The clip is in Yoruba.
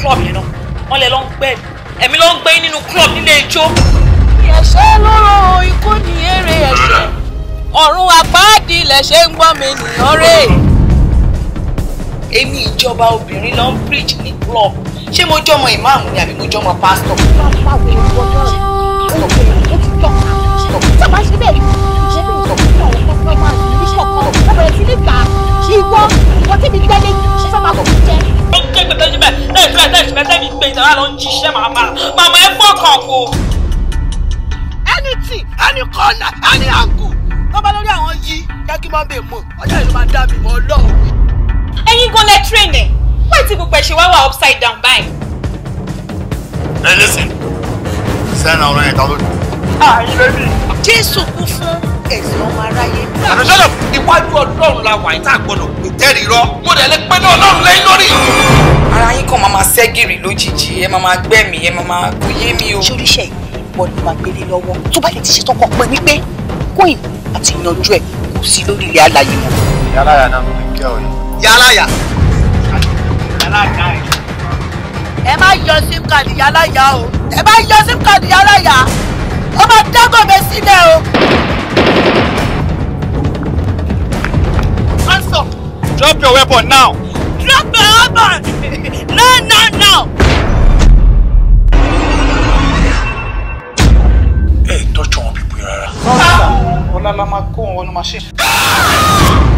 club yẹn náà wọ́n lè lọ ń gbẹ́ ẹ̀mí ló ń gbé nínú club nílé ijó. ẹ̀ṣẹ̀ lóró ikú ni èrè ẹ̀ṣẹ̀ ọ̀run àpáàdì ilẹ̀ ṣe ń gbọ́n mi nìyàn rè. èmi ìjọba obìnrin ló ń preach ní club ṣé mo jọmọ ìmáàmù ni àbí mo jọmọ pásítọ̀. bẹ́ẹ̀ tó ẹ̀tẹ́ ìṣẹ̀lẹ̀ tẹ́mi pé ìtàwá ló ń jíṣẹ́ màmá màmá ẹ fọkàn kò. anything any corner any angle tó bá lórí àwọn yìí jẹ́ kí mọ́bì mọ̀ ọjọ́ ìlú máa dábì mọ́ ọlọ́run. ẹ̀yin gan lẹ train ẹ wọ́n ti gbogbo ẹ̀ṣẹ̀ wá wà upside down báyìí. ẹ listen sẹ́nà ọ̀rọ̀ yẹn ta ló dé. àyìn lẹ́bi. jésù kú fún ẹ̀sìn ọmọ aráyé. àdùsọ́dọ̀ iwájú ọlọ́run la wà yìí tá a gbọ́dọ̀ pè tẹ́rì rọ mo dẹ̀ lè pẹ́ ní ọlọ́run lẹ́yìn lórí ara yín kàn máa máa ṣẹ́gìrì lójijì ẹ máa máa gbẹ̀mí ẹ máa máa kó yé mi o. ṣoríṣẹ́ ìwọ ni wàá gbélé lọ́wọ́ tó bá lè ti ṣetán kan pẹ́ wípé queen àti ìyanjú ẹ̀ kò sí lórí ilẹ̀ alàyè mọ́. yálàyà náà ló ń kẹ́ ọ yìí. yálàyà. yálàyà ẹ̀. ẹ má yọ sim yálàyà o ẹ má yọ sim yálàyà ó máa dágọ̀ mi sílẹ̀ o. Drop your weapon now back! No, no, no! Hey, touch on people, Rara. No, Ọlá la máa kó wọn ní machine.